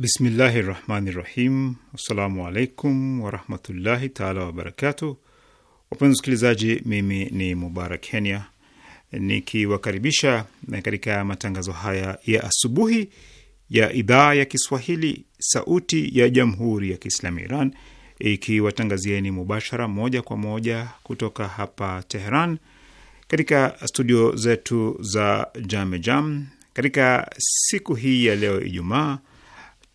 Bismillahi rahmani rahim. Assalamu alaikum warahmatullahi taala wabarakatuh. Wapenzi wasikilizaji, mimi ni Mubarak Kenya nikiwakaribisha katika matangazo haya ya asubuhi ya idhaa ya Kiswahili sauti ya jamhuri ya Kiislamu Iran ikiwatangazieni mubashara moja kwa moja kutoka hapa Teheran katika studio zetu za Jamejam Katika siku hii ya leo Ijumaa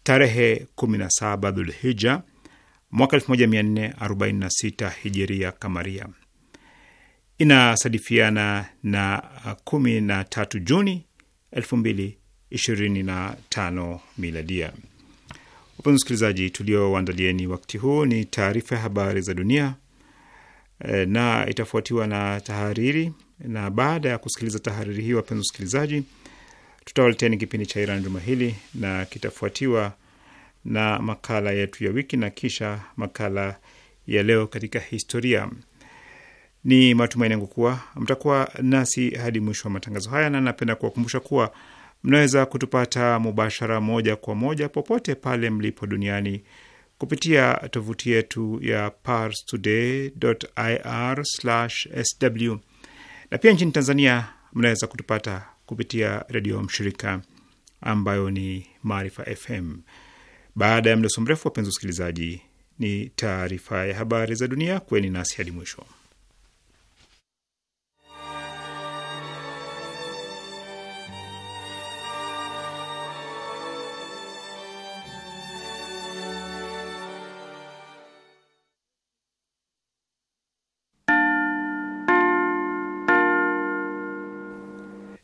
tarehe 17 Dhulhija mwaka 1446 hijiria kamaria, inasadifiana na 13 Juni 2025 miladia. Wapenzi msikilizaji, tulioandalieni wakati huu ni taarifa ya habari za dunia eh, na itafuatiwa na tahariri, na baada ya kusikiliza tahariri hii, wapenzi msikilizaji Tutawaleteni kipindi cha Iran juma hili na kitafuatiwa na makala yetu ya wiki na kisha makala ya leo katika historia. Ni matumaini yangu kuwa mtakuwa nasi hadi mwisho wa matangazo haya, na napenda kuwakumbusha kuwa mnaweza kutupata mubashara, moja kwa moja, popote pale mlipo duniani kupitia tovuti yetu ya parstoday.ir/sw, na pia nchini Tanzania mnaweza kutupata kupitia redio mshirika ambayo ni Maarifa FM. Baada ya mdoso mrefu, wapenzi usikilizaji ni taarifa ya habari za dunia. Kweni nasi hadi mwisho.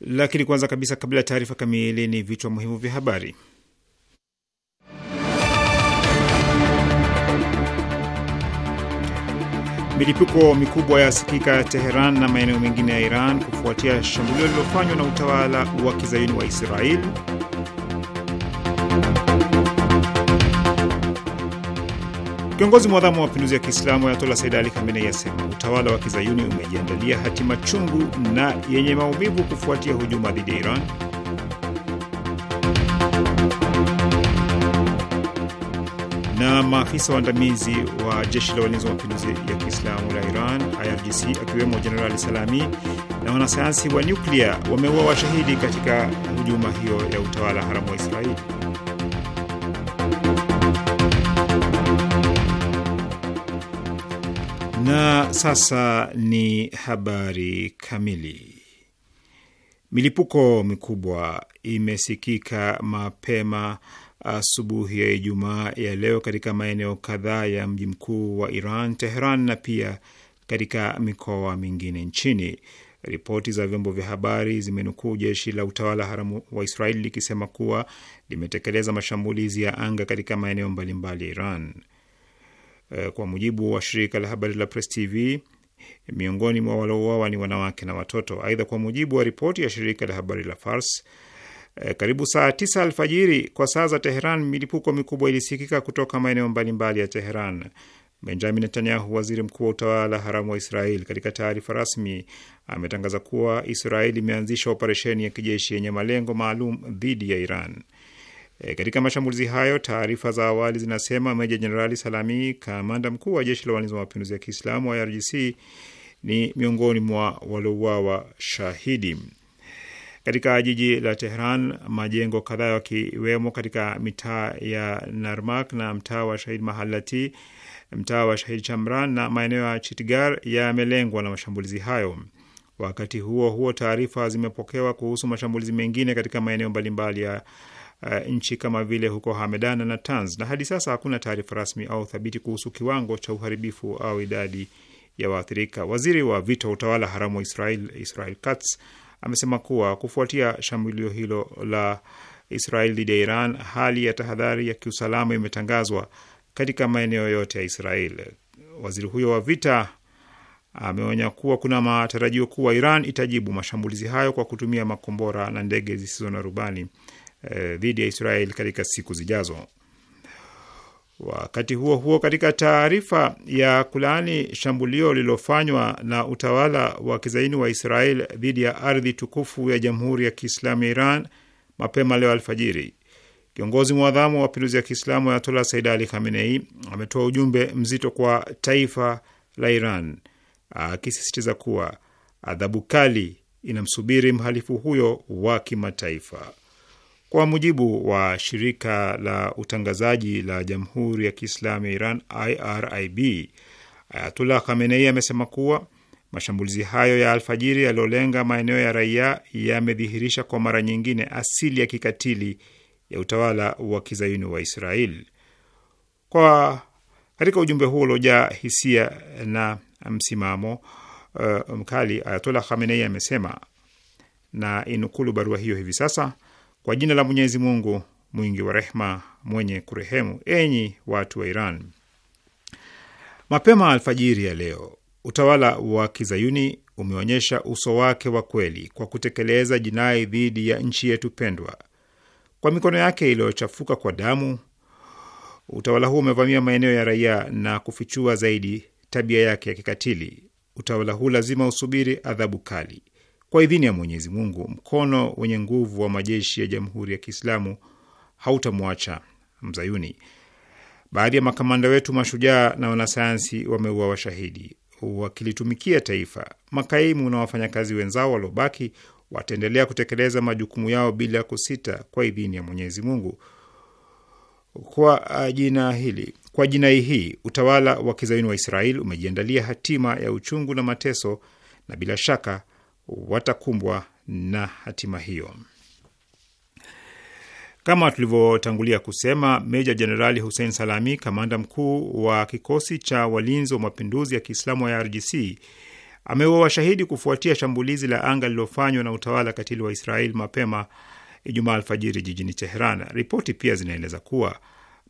Lakini kwanza kabisa, kabla ya taarifa kamili, ni vichwa muhimu vya habari. Milipuko mikubwa ya sikika ya Teheran na maeneo mengine ya Iran kufuatia shambulio lililofanywa na utawala wa kizayuni wa Israeli. Kiongozi mwadhamu wa mapinduzi ya Kiislamu Ayatola Said Ali Khamenei asema utawala wa kizayuni umejiandalia hatima chungu na yenye maumivu kufuatia hujuma dhidi ya Iran. na maafisa waandamizi wa jeshi la walinzi wa mapinduzi ya Kiislamu la Iran IRGC akiwemo Jenerali Salami na wanasayansi wa nyuklia wameua washahidi katika hujuma hiyo ya utawala haramu wa Israeli. Na sasa ni habari kamili. Milipuko mikubwa imesikika mapema asubuhi ya Ijumaa ya leo katika maeneo kadhaa ya mji mkuu wa Iran, Teheran, na pia katika mikoa mingine nchini. Ripoti za vyombo vya habari zimenukuu jeshi la utawala haramu wa Israeli likisema kuwa limetekeleza mashambulizi ya anga katika maeneo mbalimbali ya Iran. Eh, kwa mujibu wa shirika la habari la Press TV, miongoni mwa waliouawa ni wanawake na watoto. Aidha, kwa mujibu wa ripoti ya shirika la habari la Fars, eh, karibu saa tisa alfajiri kwa saa za Teheran, milipuko mikubwa ilisikika kutoka maeneo mbalimbali ya Teheran. Benjamin Netanyahu, waziri mkuu wa utawala haramu wa Israel, katika taarifa rasmi ametangaza kuwa Israel imeanzisha operesheni ya kijeshi yenye malengo maalum dhidi ya Iran. E, katika mashambulizi hayo, taarifa za awali zinasema Meja Jenerali Salami, kamanda mkuu wa jeshi la walinzi wa mapinduzi ya Kiislamu wa IRGC, ni miongoni mwa waliouawa shahidi. Katika jiji la Tehran, majengo kadhaa yakiwemo katika mitaa ya Narmak na mtaa wa Shahid Mahalati, mtaa wa Shahid Chamran na maeneo ya Chitgar yamelengwa na mashambulizi hayo. Wakati huo huo, taarifa zimepokewa kuhusu mashambulizi mengine katika maeneo mbalimbali ya uh, nchi kama vile huko Hamedana na Tanz, na hadi sasa hakuna taarifa rasmi au thabiti kuhusu kiwango cha uharibifu au idadi ya waathirika. Waziri wa vita wa utawala haramu wa Israel, Israel Katz, amesema kuwa kufuatia shambulio hilo la Israel dhidi ya Iran, hali ya tahadhari ya kiusalama imetangazwa katika maeneo yote ya Israel. Waziri huyo wa vita ameonya kuwa kuna matarajio kuwa Iran itajibu mashambulizi hayo kwa kutumia makombora na ndege zisizo na rubani. Eh, dhidi ya Israel katika siku zijazo. Wakati huo huo, katika taarifa ya kulaani shambulio lililofanywa na utawala wa kizaini wa Israel dhidi ya ardhi tukufu ya Jamhuri ya Kiislamu ya Iran mapema leo alfajiri, kiongozi mwadhamu wa mapinduzi ya Kiislamu Ayatollah Said Ali Khamenei ametoa ujumbe mzito kwa taifa la Iran akisisitiza kuwa adhabu kali inamsubiri mhalifu huyo wa kimataifa. Kwa mujibu wa shirika la utangazaji la Jamhuri ya Kiislamu ya Iran, IRIB, Ayatullah Khamenei amesema kuwa mashambulizi hayo ya alfajiri yaliyolenga maeneo ya raia yamedhihirisha kwa mara nyingine asili ya kikatili ya utawala wa kizayuni wa Israel. Kwa katika ujumbe huo uliojaa hisia na msimamo uh, mkali, Ayatullah Khamenei amesema na inukulu barua hiyo hivi sasa kwa jina la Mwenyezi Mungu mwingi wa rehma mwenye kurehemu. Enyi watu wa Iran, mapema alfajiri ya leo utawala wa kizayuni umeonyesha uso wake wa kweli kwa kutekeleza jinai dhidi ya nchi yetu pendwa. Kwa mikono yake iliyochafuka kwa damu, utawala huu umevamia maeneo ya raia na kufichua zaidi tabia yake ya kikatili. Utawala huu lazima usubiri adhabu kali. Kwa idhini ya Mwenyezi Mungu, mkono wenye nguvu wa majeshi ya Jamhuri ya Kiislamu hautamwacha mzayuni. Baadhi ya makamanda wetu mashujaa na wanasayansi wameua washahidi wakilitumikia taifa. Makaimu na wafanyakazi wenzao waliobaki wataendelea kutekeleza majukumu yao bila kusita, kwa idhini ya Mwenyezi Mungu. Kwa jina hili, kwa jinai hii, utawala wa kizayuni wa Israeli umejiandalia hatima ya uchungu na mateso, na bila shaka watakumbwa na hatima hiyo. Kama tulivyotangulia kusema, Meja Jenerali Hussein Salami, kamanda mkuu wa kikosi cha walinzi wa mapinduzi ya Kiislamu ya IRGC, ameuawa washahidi kufuatia shambulizi la anga lililofanywa na utawala katili wa Israeli mapema Ijumaa alfajiri jijini Teheran. Ripoti pia zinaeleza kuwa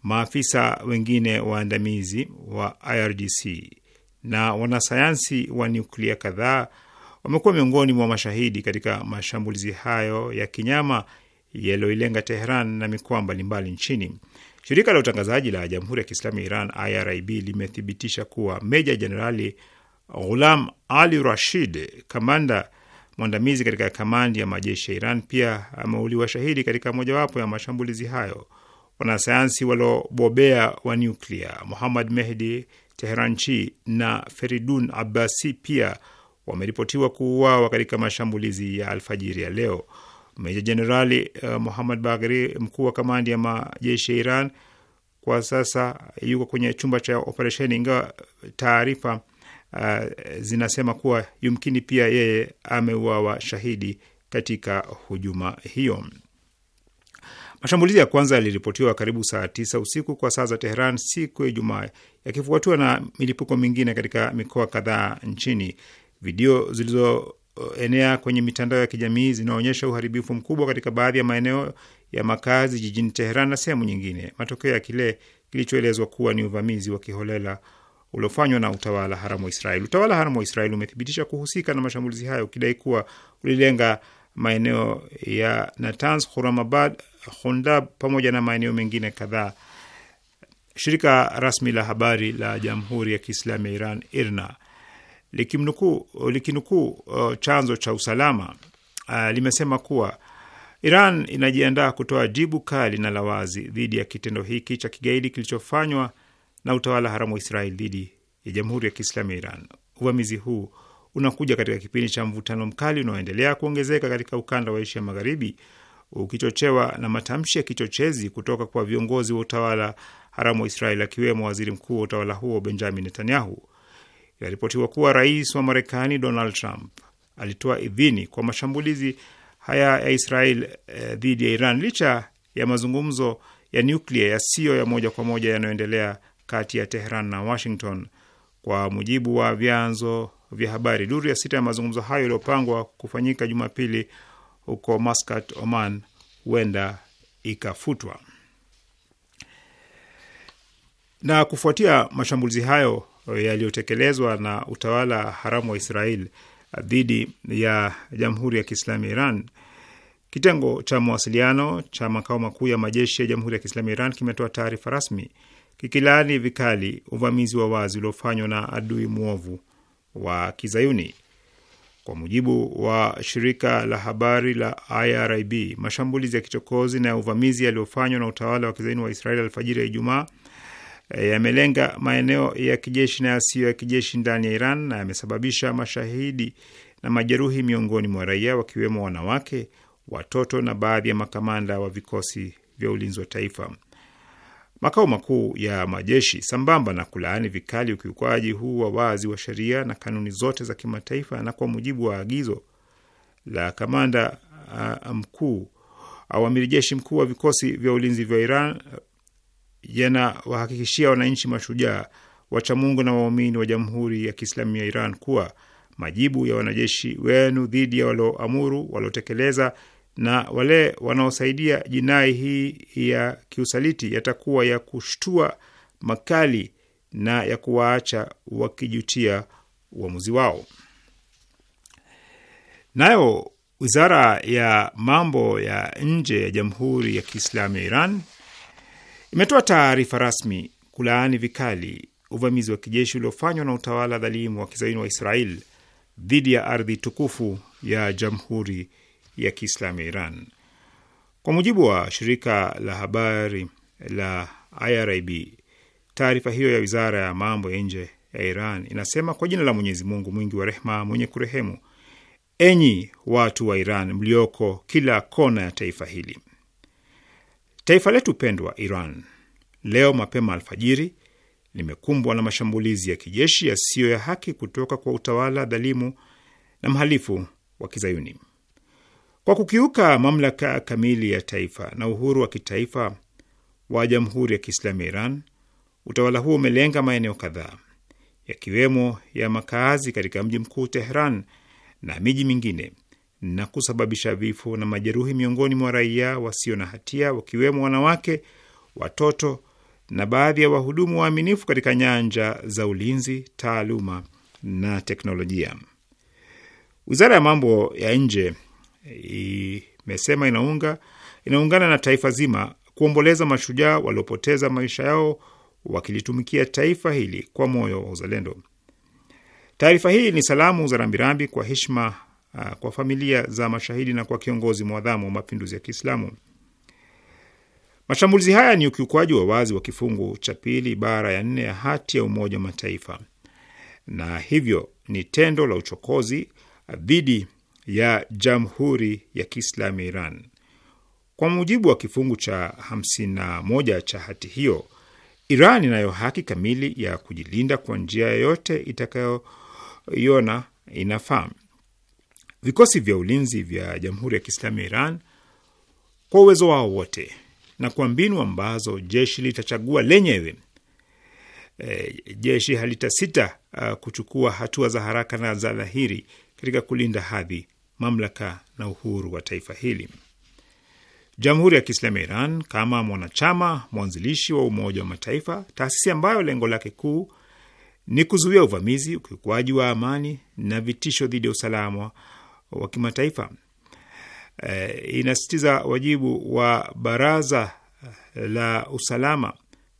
maafisa wengine waandamizi wa IRGC na wanasayansi wa nyuklia kadhaa wamekuwa miongoni mwa mashahidi katika mashambulizi hayo ya kinyama yaliyoilenga teheran na mikoa mbalimbali nchini. Shirika la utangazaji la Jamhuri ya Kiislamu ya Iran IRIB limethibitisha kuwa Meja Jenerali Ghulam Ali Rashid, kamanda mwandamizi katika kamandi ya majeshi ya Iran, pia ameuliwa shahidi katika mojawapo ya mashambulizi hayo. Wanasayansi waliobobea wa nyuklia Muhammad Mehdi teheranchi na Feridun Abbasi pia wameripotiwa kuuawa katika mashambulizi ya alfajiri ya leo. Meja Jenerali uh, eh, Muhammad Bagheri, mkuu wa kamandi ya majeshi ya Iran, kwa sasa yuko kwenye chumba cha operesheni, ingawa taarifa uh, zinasema kuwa yumkini pia yeye ameuawa shahidi katika hujuma hiyo. Mashambulizi ya kwanza yaliripotiwa karibu saa tisa usiku kwa saa za Teheran siku ya Ijumaa, yakifuatiwa na milipuko mingine katika mikoa kadhaa nchini. Video zilizoenea kwenye mitandao ya kijamii zinaonyesha uharibifu mkubwa katika baadhi ya maeneo ya makazi jijini Teheran na sehemu nyingine, matokeo ya kile kilichoelezwa kuwa ni uvamizi wa kiholela uliofanywa na utawala haramu wa Israeli. Utawala haramu wa Israeli umethibitisha kuhusika na mashambulizi hayo ukidai kuwa ulilenga maeneo ya Natanz, Khurramabad, Khundab pamoja na maeneo mengine kadhaa. Shirika rasmi la habari la Jamhuri ya Kiislamu ya Iran IRNA likinukuu likinuku, uh, chanzo cha usalama uh, limesema kuwa Iran inajiandaa kutoa jibu kali na la wazi dhidi ya kitendo hiki cha kigaidi kilichofanywa na utawala haramu wa Israeli dhidi ya Jamhuri ya Kiislamu ya Iran. Uvamizi huu unakuja katika kipindi cha mvutano mkali unaoendelea kuongezeka katika ukanda wa Asia Magharibi, ukichochewa na matamshi ya kichochezi kutoka kwa viongozi wa utawala haramu wa Israeli, akiwemo waziri mkuu wa utawala huo Benjamin Netanyahu inaripotiwa kuwa rais wa Marekani Donald Trump alitoa idhini kwa mashambulizi haya ya Israel eh, dhidi ya Iran licha ya mazungumzo ya nyuklia yasiyo ya moja kwa moja yanayoendelea kati ya Tehran na Washington. Kwa mujibu wa vyanzo vya habari, duru ya sita ya mazungumzo hayo yaliyopangwa kufanyika Jumapili huko Muscat, Oman, huenda ikafutwa. Na kufuatia mashambulizi hayo yaliyotekelezwa na utawala haramu wa Israel dhidi ya Jamhuri ya Kiislamu ya Iran. Kitengo cha mawasiliano cha makao makuu ya majeshi ya Jamhuri ya Kiislamu ya Iran kimetoa taarifa rasmi kikilaani vikali uvamizi wa wazi uliofanywa na adui mwovu wa Kizayuni. Kwa mujibu wa shirika la habari la IRIB, mashambulizi ya kichokozi na ya uvamizi yaliyofanywa na utawala wa Kizayuni wa Israeli alfajiri ya Ijumaa Eh, yamelenga maeneo ya kijeshi na yasiyo ya kijeshi ndani ya Iran na yamesababisha mashahidi na majeruhi miongoni mwa raia, wakiwemo wanawake, watoto na baadhi ya makamanda wa vikosi vya ulinzi wa taifa. Makao makuu ya majeshi, sambamba na kulaani vikali ukiukwaji huu wa wazi wa sheria na kanuni zote za kimataifa, na kwa mujibu wa agizo la kamanda ah, mkuu au amiri jeshi mkuu wa vikosi vya ulinzi vya Iran yanawahakikishia wananchi mashujaa wachamungu na waumini wa Jamhuri ya Kiislamu ya Iran kuwa majibu ya wanajeshi wenu dhidi ya walioamuru, waliotekeleza na wale wanaosaidia jinai hii ya kiusaliti yatakuwa ya kushtua, makali na ya kuwaacha wakijutia uamuzi wao. Nayo wizara ya mambo ya nje ya Jamhuri ya Kiislamu ya Iran imetoa taarifa rasmi kulaani vikali uvamizi wa kijeshi uliofanywa na utawala dhalimu wa kizaini wa Israel dhidi ya ardhi tukufu ya Jamhuri ya Kiislamu ya Iran. Kwa mujibu wa shirika la habari la IRIB, taarifa hiyo ya wizara ya mambo ya nje ya Iran inasema, kwa jina la Mwenyezi Mungu mwingi wa rehma mwenye kurehemu, enyi watu wa Iran mlioko kila kona ya taifa hili, Taifa letu pendwa Iran leo mapema alfajiri limekumbwa na mashambulizi ya kijeshi yasiyo ya haki kutoka kwa utawala dhalimu na mhalifu wa Kizayuni kwa kukiuka mamlaka kamili ya taifa na uhuru wa kitaifa wa Jamhuri ya Kiislamu ya Iran. Utawala huo umelenga maeneo kadhaa yakiwemo ya makaazi katika mji mkuu Tehran na miji mingine na kusababisha vifo na majeruhi miongoni mwa raia wasio na hatia, wakiwemo wanawake, watoto na baadhi ya wahudumu waaminifu katika nyanja za ulinzi, taaluma na teknolojia. Wizara ya mambo ya nje imesema inaunga inaungana na taifa zima kuomboleza mashujaa waliopoteza maisha yao wakilitumikia taifa hili kwa moyo wa uzalendo. Taarifa hii ni salamu za rambirambi kwa heshima Ah, kwa familia za mashahidi na kwa kiongozi mwadhamu wa mapinduzi ya Kiislamu. Mashambulizi haya ni ukiukwaji wa wazi wa kifungu cha pili ibara ya nne ya hati ya Umoja wa Mataifa, na hivyo ni tendo la uchokozi dhidi ya Jamhuri ya Kiislamu ya Iran. Kwa mujibu wa kifungu cha 51 cha hati hiyo, Iran inayo haki kamili ya kujilinda kwa njia yoyote itakayoiona inafaa. Vikosi vya ulinzi vya Jamhuri ya Kiislamu ya Iran kwa uwezo wao wote na kwa mbinu ambazo jeshi litachagua lenyewe, e, jeshi halitasita uh, kuchukua hatua za haraka na za dhahiri katika kulinda hadhi, mamlaka na uhuru wa taifa hili. Jamhuri ya Kiislamu ya Iran kama mwanachama mwanzilishi wa Umoja wa Mataifa, taasisi ambayo lengo lake kuu ni kuzuia uvamizi, ukiukwaji wa amani na vitisho dhidi ya usalama wa kimataifa. E, inasisitiza wajibu wa Baraza eh, la Usalama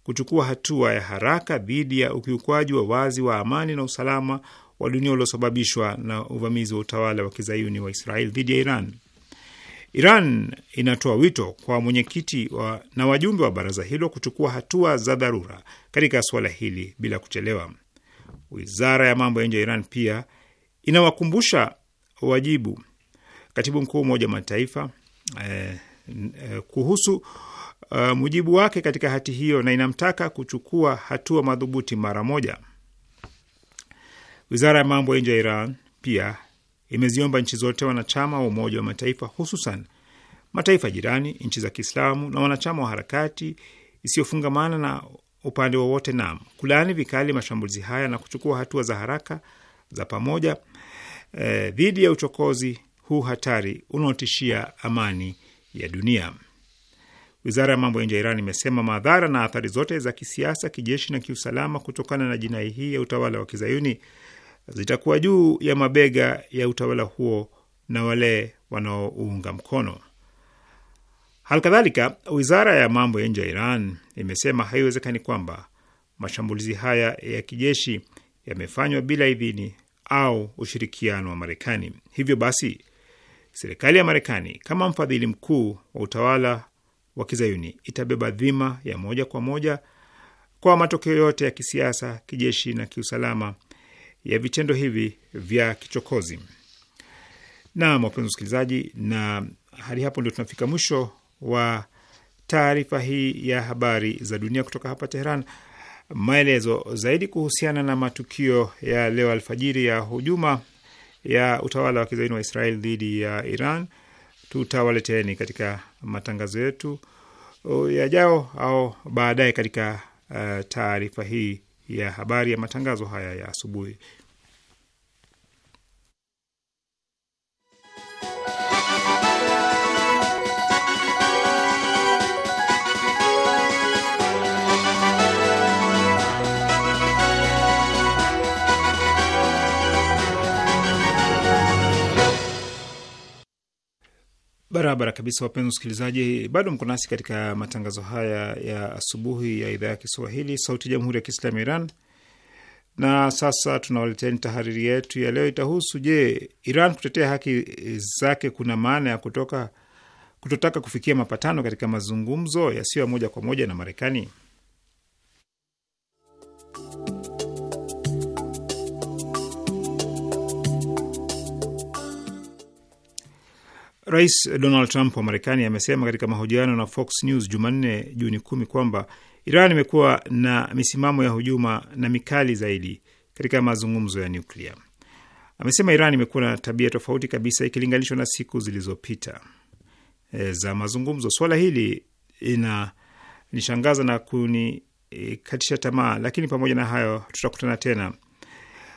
kuchukua hatua ya haraka dhidi ya ukiukwaji wa wazi wa amani na usalama wa dunia uliosababishwa na uvamizi wa utawala wa kizayuni wa Israel dhidi ya Iran. Iran inatoa wito kwa mwenyekiti wa, na wajumbe wa baraza hilo kuchukua hatua za dharura katika suala hili bila kuchelewa. Wizara ya mambo ya nje ya Iran pia inawakumbusha wajibu katibu mkuu wa Umoja wa Mataifa eh, eh, kuhusu Uh, mujibu wake katika hati hiyo na inamtaka kuchukua hatua madhubuti mara moja. Wizara ya mambo ya nje ya Iran pia imeziomba nchi zote wanachama wa Umoja wa Mataifa, hususan mataifa jirani, nchi za Kiislamu na wanachama wa harakati isiyofungamana na upande wowote, nam kulaani vikali mashambulizi haya na kuchukua hatua za haraka za pamoja Eh, dhidi ya uchokozi huu hatari unaotishia amani ya dunia. Wizara ya mambo ya nje ya Iran imesema madhara na athari zote za kisiasa, kijeshi na kiusalama kutokana na jinai hii ya utawala wa kizayuni zitakuwa juu ya mabega ya utawala huo na wale wanaounga mkono. Halikadhalika, wizara ya mambo ya nje ya Iran imesema haiwezekani kwamba mashambulizi haya ya kijeshi yamefanywa bila idhini au ushirikiano wa Marekani. Hivyo basi, serikali ya Marekani kama mfadhili mkuu wa utawala wa kizayuni itabeba dhima ya moja kwa moja kwa matokeo yote ya kisiasa, kijeshi na kiusalama ya vitendo hivi vya kichokozi. Na wapenzi wasikilizaji, na hadi hapo ndio tunafika mwisho wa taarifa hii ya habari za dunia kutoka hapa Teheran maelezo zaidi kuhusiana na matukio ya leo alfajiri ya hujuma ya utawala wa kizaini wa Israel dhidi ya Iran tutawaleteni katika matangazo yetu yajao au baadaye katika uh, taarifa hii ya habari ya matangazo haya ya asubuhi. Barabara kabisa, wapenzi wasikilizaji, bado mko nasi katika matangazo haya ya asubuhi ya idhaa ya Kiswahili, Sauti ya Jamhuri ya Kiislamu ya Iran. Na sasa tunawaletea tahariri yetu ya leo. Itahusu je, Iran kutetea haki zake kuna maana ya kutoka kutotaka kufikia mapatano katika mazungumzo yasiyo ya moja kwa moja na Marekani? Rais Donald Trump wa Marekani amesema katika mahojiano na Fox News Jumanne, Juni kumi, kwamba Iran imekuwa na misimamo ya hujuma na mikali zaidi katika mazungumzo ya nyuklia. Amesema Iran imekuwa na tabia tofauti kabisa ikilinganishwa na siku zilizopita e, za mazungumzo. Suala hili inanishangaza na kunikatisha e, tamaa, lakini pamoja na hayo tutakutana tena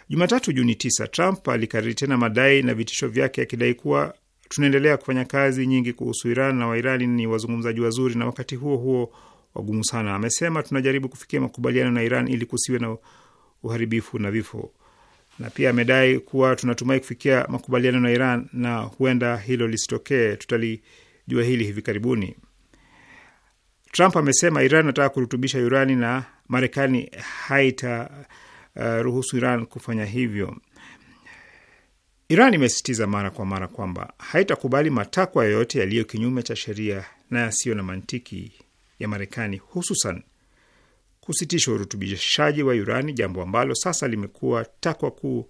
Jumatatu Juni tisa. Trump alikariri tena madai na vitisho vyake akidai kuwa Tunaendelea kufanya kazi nyingi kuhusu Iran na Wairani ni wazungumzaji wazuri na wakati huo huo wagumu sana, amesema. Tunajaribu kufikia makubaliano na Iran ili kusiwe na uharibifu na vifo, na pia amedai kuwa tunatumai kufikia makubaliano na Iran na huenda hilo lisitokee. Tutalijua hili hivi karibuni. Trump amesema Iran anataka kurutubisha urani na Marekani haitaruhusu uh, Iran kufanya hivyo. Iran imesisitiza mara kwa mara kwamba haitakubali matakwa yoyote yaliyo kinyume cha sheria na yasiyo na mantiki ya Marekani, hususan kusitisha urutubishaji wa urani, jambo ambalo sasa limekuwa takwa kuu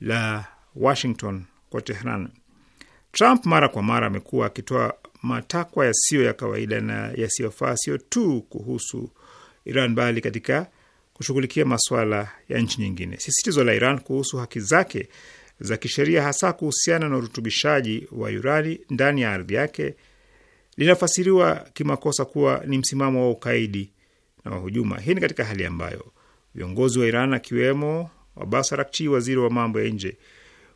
la Washington kwa Tehran. Trump mara kwa mara amekuwa akitoa matakwa yasiyo ya kawaida na yasiyofaa, sio tu kuhusu Iran bali katika kushughulikia masuala ya nchi nyingine. Sisitizo la Iran kuhusu haki zake za kisheria, hasa kuhusiana na urutubishaji wa urani ndani ya ardhi yake linafasiriwa kimakosa kuwa ni msimamo wa ukaidi na wa hujuma. Hii ni katika hali ambayo viongozi wa Iran akiwemo Abbas Araghchi, waziri wa mambo ya nje,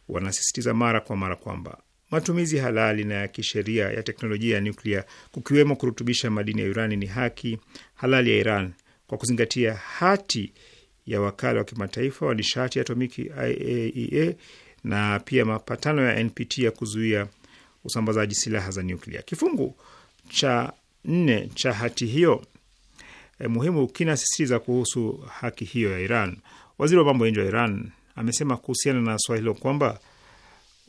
wanasisitiza mara kwa mara kwamba matumizi halali na ya kisheria ya teknolojia ya nuklia, kukiwemo kurutubisha madini ya urani, ni haki halali ya Iran kwa kuzingatia hati ya wakala wa kimataifa wa nishati ya atomiki IAEA e na pia mapatano ya NPT ya kuzuia usambazaji silaha za nyuklia. Kifungu cha nne cha hati hiyo e, muhimu kinasisitiza kuhusu haki hiyo ya Iran. Waziri wa mambo ya nje wa Iran amesema kuhusiana na swala hilo kwamba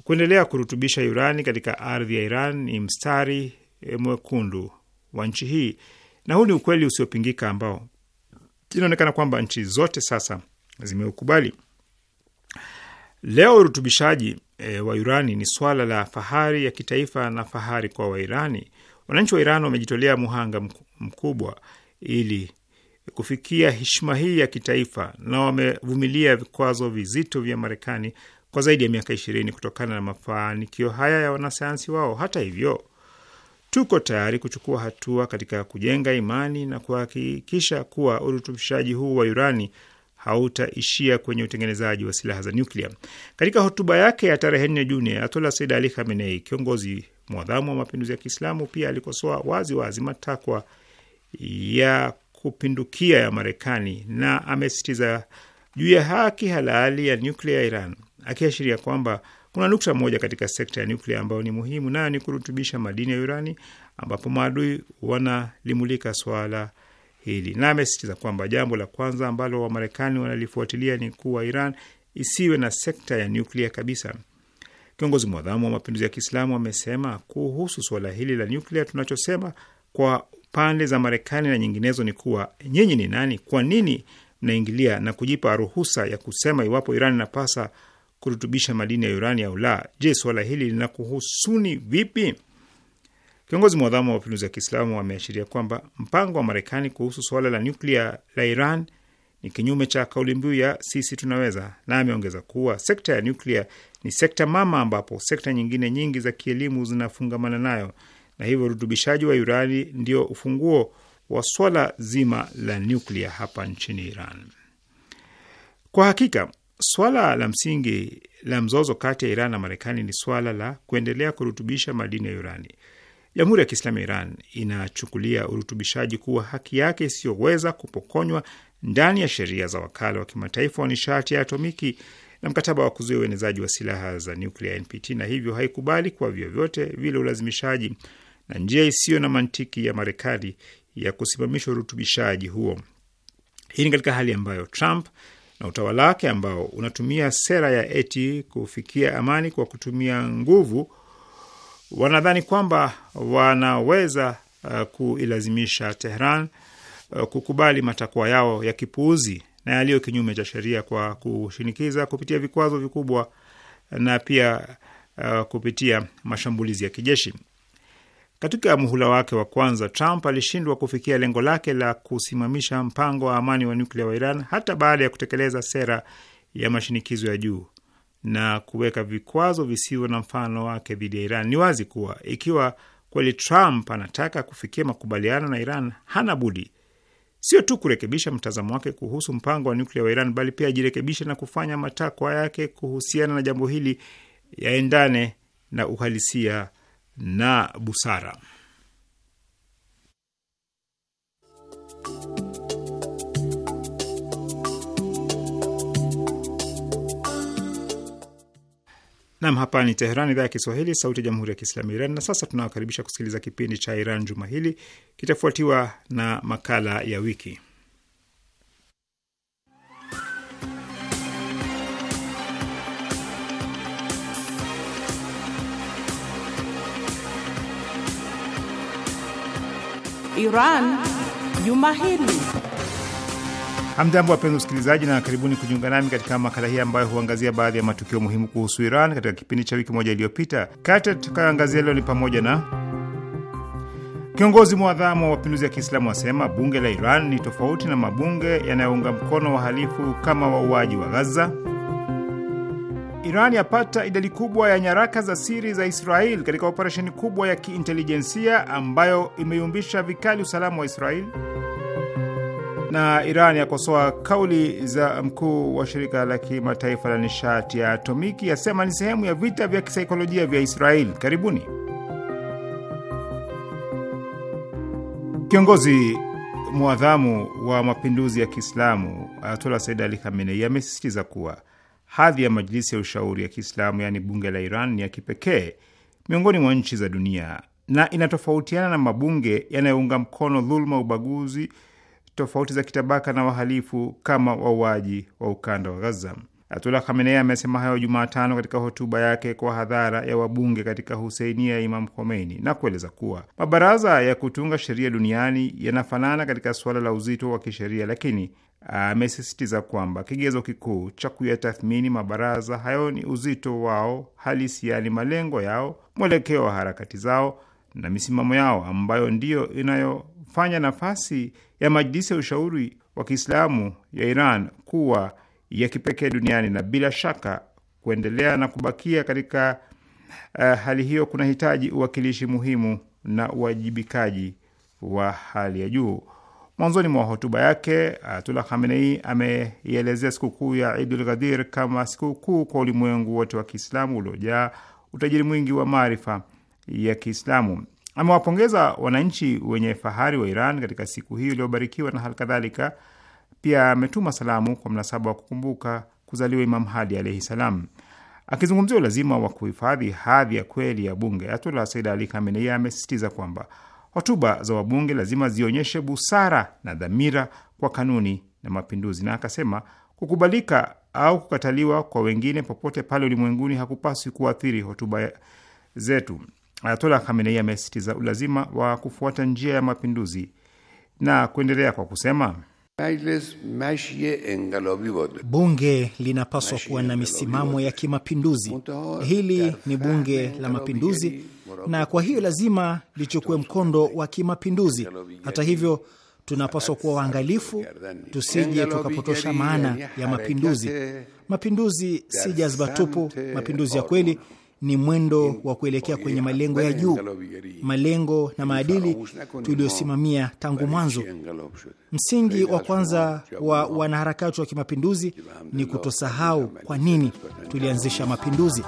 kuendelea kurutubisha urani katika ardhi ya Iran ni mstari e, mwekundu wa nchi hii, na huu ni ukweli usiopingika ambao inaonekana kwamba nchi zote sasa zimeukubali. Leo urutubishaji e, wa urani ni swala la fahari ya kitaifa na fahari kwa Wairani. Wananchi wa Iran wamejitolea muhanga mkubwa ili kufikia heshima hii ya kitaifa na wamevumilia vikwazo vizito vya Marekani kwa zaidi ya miaka ishirini kutokana na mafanikio haya ya wanasayansi wao. Hata hivyo, tuko tayari kuchukua hatua katika kujenga imani na kuhakikisha kuwa urutubishaji huu wa urani hautaishia kwenye utengenezaji wa silaha za nyuklia. Katika hotuba yake ya tarehe nne Juni, Ayatollah Said Ali Khamenei, kiongozi mwadhamu wa mapinduzi ya Kiislamu, pia alikosoa wazi wazi matakwa ya kupindukia ya Marekani na amesisitiza juu ya haki halali ya nyuklia ya Iran, akiashiria kwamba kuna nukta moja katika sekta ya nyuklia ambayo ni muhimu, nayo ni kurutubisha madini ya urani, ambapo maadui wanalimulika swala hili na amesisitiza kwamba jambo la kwanza ambalo Wamarekani wanalifuatilia ni kuwa Iran isiwe na sekta ya nyuklia kabisa. Kiongozi mwadhamu wa mapinduzi ya Kiislamu amesema kuhusu suala hili la nyuklia, tunachosema kwa pande za Marekani na nyinginezo ni kuwa nyinyi ni nani? Kwa nini mnaingilia na kujipa ruhusa ya kusema iwapo Iran inapasa kurutubisha madini ya urani au la? Je, suala hili linakuhusuni vipi? Kiongozi mwadhamu wa mapinduzi ya Kiislamu ameashiria kwamba mpango wa Marekani kuhusu suala la nyuklia la Iran ni kinyume cha kauli mbiu ya sisi tunaweza, na ameongeza kuwa sekta ya nyuklia ni sekta mama ambapo sekta nyingine nyingi za kielimu zinafungamana nayo, na hivyo urutubishaji wa urani ndio ufunguo wa swala zima la nyuklia hapa nchini Iran. Kwa hakika swala la msingi la mzozo kati ya Iran na Marekani ni swala la kuendelea kurutubisha madini ya urani. Jamhuri ya Kiislamu ya Iran inachukulia urutubishaji kuwa haki yake isiyoweza kupokonywa ndani ya sheria za wakala wa kimataifa wa nishati ya atomiki na mkataba wa kuzuia uenezaji wa silaha za nuklia NPT, na hivyo haikubali kwa vyovyote vile ulazimishaji na njia isiyo na mantiki ya Marekani ya kusimamisha urutubishaji huo. Hii ni katika hali ambayo Trump na utawala wake ambao unatumia sera ya eti kufikia amani kwa kutumia nguvu wanadhani kwamba wanaweza uh, kuilazimisha Tehran uh, kukubali matakwa yao ya kipuuzi na yaliyo kinyume cha sheria kwa kushinikiza kupitia vikwazo vikubwa na pia uh, kupitia mashambulizi ya kijeshi. Katika muhula wake wa kwanza, Trump alishindwa kufikia lengo lake la kusimamisha mpango wa amani wa nyuklia wa Iran hata baada ya kutekeleza sera ya mashinikizo ya juu na kuweka vikwazo visivyo na mfano wake dhidi ya Iran. Ni wazi kuwa ikiwa kweli Trump anataka kufikia makubaliano na Iran, hana budi sio tu kurekebisha mtazamo wake kuhusu mpango wa nyuklia wa Iran, bali pia ajirekebishe na kufanya matakwa yake kuhusiana na jambo hili yaendane na uhalisia na busara. Nam, hapa ni Teheran, idhaa ya Kiswahili, sauti ya jamhuri ya kiislamu ya Iran. Na sasa tunawakaribisha kusikiliza kipindi cha Iran juma hili, kitafuatiwa na makala ya wiki Iran juma hili. Hamjambo, wapenzi usikilizaji, na karibuni kujiunga nami katika makala hii ambayo huangazia baadhi ya matukio muhimu kuhusu Iran katika kipindi cha wiki moja iliyopita. Kati tutakayoangazia leo ni pamoja na kiongozi mwadhamu wa mapinduzi ya Kiislamu asema bunge la Iran ni tofauti na mabunge yanayounga mkono wahalifu kama wauaji wa Gaza. Iran yapata idadi kubwa ya nyaraka za siri za Israel katika operesheni kubwa ya kiintelijensia ambayo imeyumbisha vikali usalama wa Israel na Iran yakosoa kauli za mkuu wa shirika la kimataifa la nishati ya atomiki, yasema ni sehemu ya vita vya kisaikolojia vya Israeli. Karibuni. Kiongozi mwadhamu wa mapinduzi ya Kiislamu Ayatola Said Ali Khamenei amesisitiza kuwa hadhi ya Majlisi ya Ushauri ya Kiislamu, yaani bunge la Iran, ni ya kipekee miongoni mwa nchi za dunia na inatofautiana na mabunge yanayounga mkono dhuluma, ubaguzi tofauti za kitabaka na wahalifu kama wauaji wa ukanda wa Gaza. Ayatullah Khamenei amesema hayo Jumatano katika hotuba yake kwa hadhara ya wabunge katika Huseinia ya Imam Khomeini na kueleza kuwa mabaraza ya kutunga sheria duniani yanafanana katika suala la uzito wa kisheria, lakini amesisitiza kwamba kigezo kikuu cha kuyatathmini mabaraza hayo ni uzito wao halisi, yaani malengo yao, mwelekeo wa harakati zao na misimamo yao, ambayo ndiyo inayofanya nafasi ya Majlisi ya Ushauri wa Kiislamu ya Iran kuwa ya kipekee duniani na bila shaka kuendelea na kubakia katika uh, hali hiyo kuna hitaji uwakilishi muhimu na uwajibikaji wa hali ya juu. Mwanzoni mwa hotuba yake, Ayatullah Khamenei ameielezea sikukuu ya Idul Ghadir kama sikukuu kwa ulimwengu wote wa Kiislamu uliojaa utajiri mwingi wa maarifa ya Kiislamu. Amewapongeza wananchi wenye fahari wa Iran katika siku hiyo iliyobarikiwa na halikadhalika pia ametuma salamu kwa mnasaba wa kukumbuka kuzaliwa Imam Hadi alaihi salam. Akizungumzia ulazima wa kuhifadhi hadhi ya kweli ya bunge, Ayatullah Said Ali Khamenei amesisitiza kwamba hotuba za wabunge lazima zionyeshe busara na dhamira kwa kanuni na mapinduzi, na akasema kukubalika au kukataliwa kwa wengine popote pale ulimwenguni hakupaswi kuathiri hotuba zetu. Ayatola Khamenei amesisitiza ulazima wa kufuata njia ya mapinduzi na kuendelea kwa kusema bunge linapaswa kuwa na misimamo ya kimapinduzi. Hili ni bunge la mapinduzi, na kwa hiyo lazima lichukue mkondo wa kimapinduzi. Hata hivyo, tunapaswa kuwa waangalifu tusije tukapotosha maana ya mapinduzi. Mapinduzi si jazba tupu. Mapinduzi ya kweli ni mwendo wa kuelekea kwenye malengo ya juu, malengo na maadili tuliyosimamia tangu mwanzo. Msingi wa kwanza wa wanaharakati wa kimapinduzi ni kutosahau kwa nini tulianzisha mapinduzi.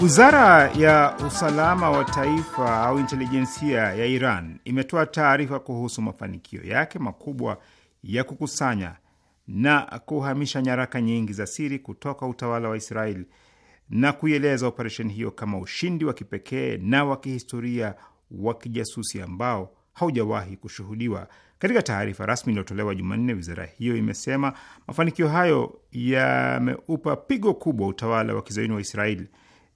Wizara ya usalama wa taifa au intelijensia ya Iran imetoa taarifa kuhusu mafanikio yake makubwa ya kukusanya na kuhamisha nyaraka nyingi za siri kutoka utawala wa israel na kuieleza operesheni hiyo kama ushindi wa kipekee na wa kihistoria wa kijasusi ambao haujawahi kushuhudiwa. Katika taarifa rasmi iliyotolewa Jumanne, wizara hiyo imesema mafanikio hayo yameupa pigo kubwa utawala wa kizayuni wa Israeli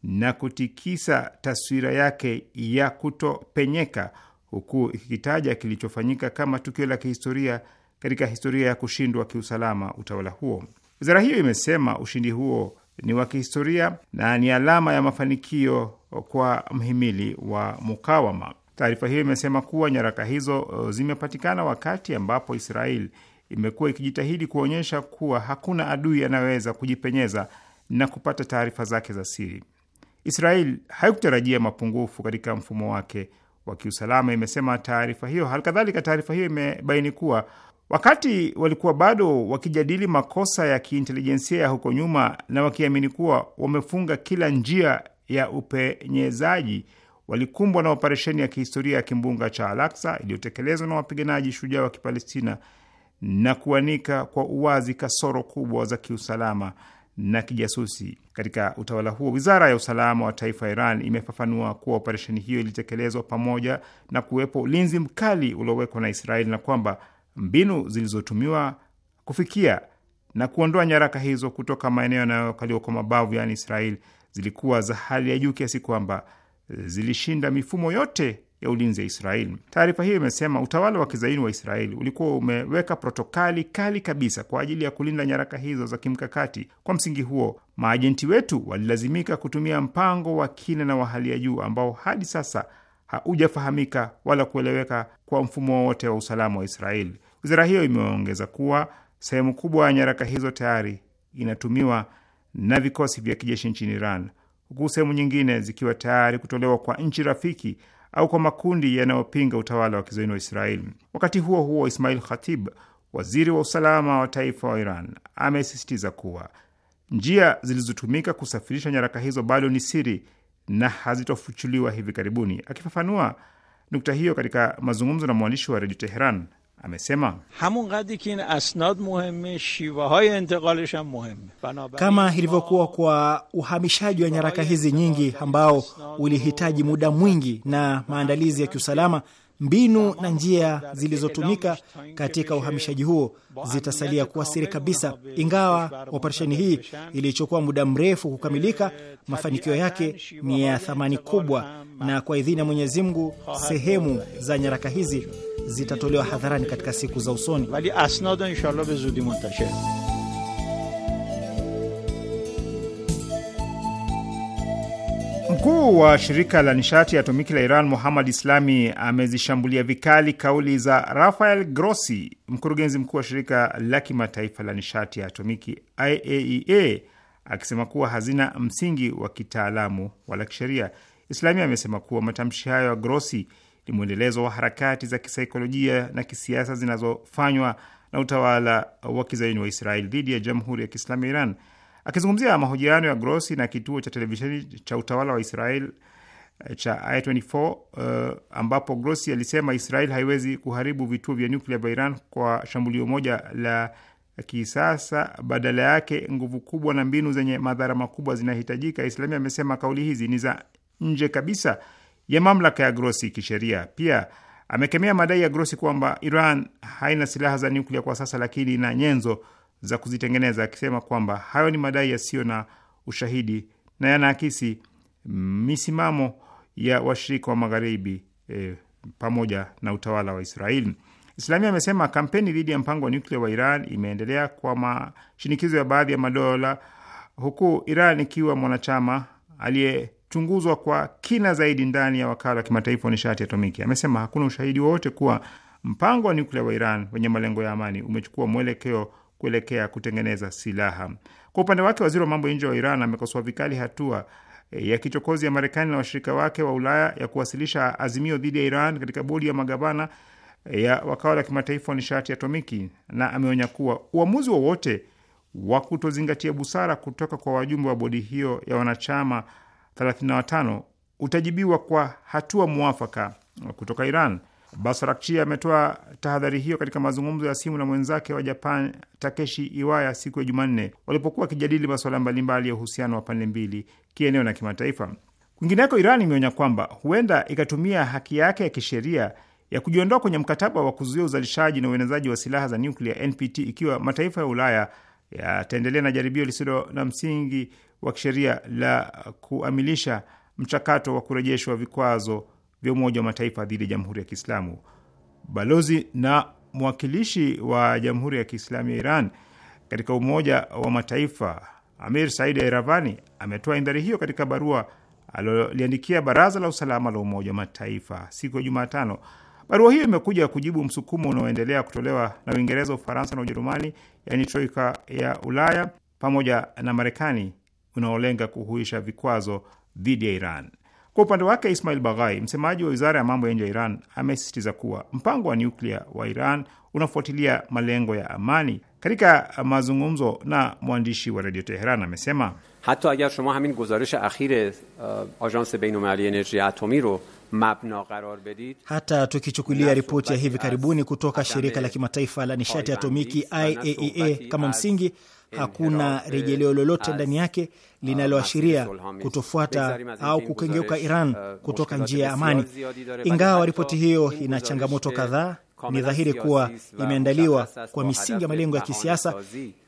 na kutikisa taswira yake ya kutopenyeka, huku ikikitaja kilichofanyika kama tukio la kihistoria katika historia ya kushindwa kiusalama utawala huo. Wizara hiyo imesema ushindi huo ni wa kihistoria na ni alama ya mafanikio kwa mhimili wa mukawama. Taarifa hiyo imesema kuwa nyaraka hizo uh, zimepatikana wakati ambapo Israel imekuwa ikijitahidi kuonyesha kuwa hakuna adui anayeweza kujipenyeza na kupata taarifa zake za siri. Israel haikutarajia mapungufu katika mfumo wake wa kiusalama, imesema taarifa hiyo. Halikadhalika, taarifa hiyo imebaini kuwa wakati walikuwa bado wakijadili makosa ya kiintelijensia ya huko nyuma na wakiamini kuwa wamefunga kila njia ya upenyezaji, walikumbwa na operesheni ya kihistoria ya kimbunga cha Alaksa iliyotekelezwa na wapiganaji shujaa wa Kipalestina na kuanika kwa uwazi kasoro kubwa za kiusalama na kijasusi katika utawala huo. Wizara ya usalama wa taifa ya Iran imefafanua kuwa operesheni hiyo ilitekelezwa pamoja na kuwepo ulinzi mkali uliowekwa na Israeli na kwamba mbinu zilizotumiwa kufikia na kuondoa nyaraka hizo kutoka maeneo yanayokaliwa kwa mabavu, yaani Israeli, zilikuwa za hali ya juu kiasi kwamba zilishinda mifumo yote ya ulinzi ya Israeli. Taarifa hiyo imesema utawala wa kizaini wa Israeli ulikuwa umeweka protokali kali kabisa kwa ajili ya kulinda nyaraka hizo za kimkakati. Kwa msingi huo, maajenti wetu walilazimika kutumia mpango wa kina na wa hali ya juu ambao hadi sasa haujafahamika wala kueleweka kwa mfumo wowote wa usalama wa Israeli. Wizara hiyo imeongeza kuwa sehemu kubwa ya nyaraka hizo tayari inatumiwa na vikosi vya kijeshi nchini Iran, huku sehemu nyingine zikiwa tayari kutolewa kwa nchi rafiki au kwa makundi yanayopinga utawala wa kizayuni wa Israeli. Wakati huo huo, Ismail Khatib, waziri wa usalama wa taifa wa Iran, amesisitiza kuwa njia zilizotumika kusafirisha nyaraka hizo bado ni siri na hazitofuchuliwa hivi karibuni. Akifafanua nukta hiyo katika mazungumzo na mwandishi wa redio Teheran, Amesema kama ilivyokuwa kwa uhamishaji wa nyaraka hizi nyingi ambao ulihitaji muda mwingi na maandalizi ya kiusalama, Mbinu na njia zilizotumika katika uhamishaji huo zitasalia kuwa siri kabisa, ingawa operesheni hii ilichukua muda mrefu kukamilika. Mafanikio yake ni ya thamani kubwa, na kwa idhini ya Mwenyezi Mungu, sehemu za nyaraka hizi zitatolewa hadharani katika siku za usoni. mkuu wa shirika la nishati ya atomiki la Iran Muhammad Islami amezishambulia vikali kauli za Rafael Grossi, mkurugenzi mkuu wa shirika la kimataifa la nishati ya atomiki IAEA, e akisema kuwa hazina msingi wa kitaalamu wala kisheria. Islami amesema kuwa matamshi hayo ya Grossi ni mwendelezo wa harakati za kisaikolojia na kisiasa zinazofanywa na utawala wa kizayuni wa Israel dhidi ya jamhuri ya kiislamu ya Iran. Akizungumzia mahojiano ya Grossi na kituo cha televisheni cha utawala wa Israel eh, cha I24 uh, eh, ambapo Grossi alisema Israel haiwezi kuharibu vituo vya nyuklia vya Iran kwa shambulio moja la kisasa. Badala yake, nguvu kubwa na mbinu zenye madhara makubwa zinahitajika. islami amesema kauli hizi ni za nje kabisa ya mamlaka ya Grossi kisheria. Pia amekemea madai ya Grossi kwamba Iran haina silaha za nyuklia kwa sasa, lakini ina nyenzo za kuzitengeneza, akisema kwamba hayo ni madai yasiyo na ushahidi na yanaakisi misimamo ya washirika wa magharibi eh, pamoja na utawala wa Israeli. Islamia amesema kampeni dhidi ya mpango wa nyuklia wa Iran imeendelea kwa mashinikizo ya baadhi ya madola, huku Iran ikiwa mwanachama aliyechunguzwa kwa kina zaidi ndani ya wakala wa kimataifa wa nishati atomiki. Amesema hakuna ushahidi wowote kuwa mpango wa nyuklia wa Iran wenye malengo ya amani umechukua mwelekeo kuelekea kutengeneza silaha. Kwa upande wake, waziri wa mambo ya nje wa Iran amekosoa vikali hatua eh, ya kichokozi ya Marekani na washirika wake wa Ulaya ya kuwasilisha azimio dhidi ya Iran katika bodi ya magavana eh, ya wakala wa kimataifa wa nishati atomiki, na ameonya kuwa uamuzi wowote wa kutozingatia busara kutoka kwa wajumbe wa bodi hiyo ya wanachama 35 utajibiwa kwa hatua mwafaka kutoka Iran. Basarakchi ametoa tahadhari hiyo katika mazungumzo ya simu na mwenzake wa Japan Takeshi Iwaya siku ya Jumanne walipokuwa wakijadili masuala mbalimbali ya uhusiano wa pande mbili kieneo na kimataifa. Kwingineko, Iran imeonya kwamba huenda ikatumia haki yake ya kisheria ya kujiondoa kwenye mkataba wa kuzuia uzalishaji na uenezaji wa silaha za nuklia NPT ikiwa mataifa ya Ulaya yataendelea na jaribio lisilo na msingi wa kisheria la kuamilisha mchakato wa kurejeshwa vikwazo vya Umoja wa Mataifa dhidi ya Jamhuri ya Kiislamu. Balozi na mwakilishi wa Jamhuri ya Kiislamu ya Iran katika Umoja wa Mataifa Amir Said Eravani ametoa indhari hiyo katika barua aloliandikia Baraza la Usalama la Umoja wa Mataifa siku ya Jumatano. Barua hiyo imekuja kujibu msukumo unaoendelea kutolewa na Uingereza, Ufaransa na Ujerumani, yaani troika ya Ulaya pamoja na Marekani, unaolenga kuhuisha vikwazo dhidi ya Iran. Kwa upande wake, Ismail Baghai, msemaji wa wizara ya mambo ya nje ya Iran, amesisitiza kuwa mpango wa nyuklia wa Iran unafuatilia malengo ya amani. Katika mazungumzo na mwandishi wa redio Teheran amesema hata agar shoma hamin guzarish akhir uh, ajans bainulmalali enerji atomi ro mabna qarar bedid, hata tukichukulia ripoti ya hivi karibuni kutoka shirika la kimataifa la nishati atomiki IAEA e kama msingi hakuna eh, rejeleo lolote ndani yake uh, linaloashiria kutofuata au kukengeuka Iran uh, kutoka njia ya amani. Ingawa ripoti hiyo ina changamoto eh, kadhaa, ni dhahiri kuwa imeandaliwa kwa misingi ya malengo ya kisiasa,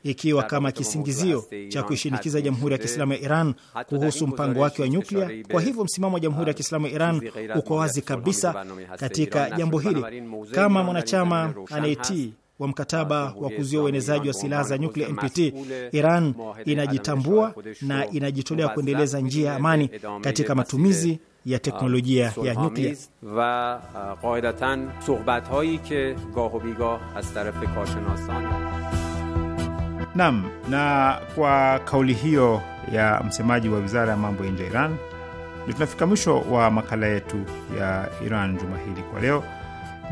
ikiwa kama kisingizio cha kuishinikiza Jamhuri ya Kiislamu ya Iran kuhusu mpango wake wa nyuklia. Kwa hivyo msimamo wa Jamhuri ya uh, Kiislamu ya Iran uko wazi kabisa katika jambo hili. Kama mwanachama anayetii wa mkataba wa kuzuia uenezaji wa silaha za nyuklia NPT, Iran inajitambua na inajitolea kuendeleza njia ya amani katika matumizi ya uh, teknolojia ya nyuklia. Uh, Naam, na kwa kauli hiyo ya msemaji wa wizara ya mambo ya nje ya Iran, ndio tunafika mwisho wa makala yetu ya Iran juma hili kwa leo.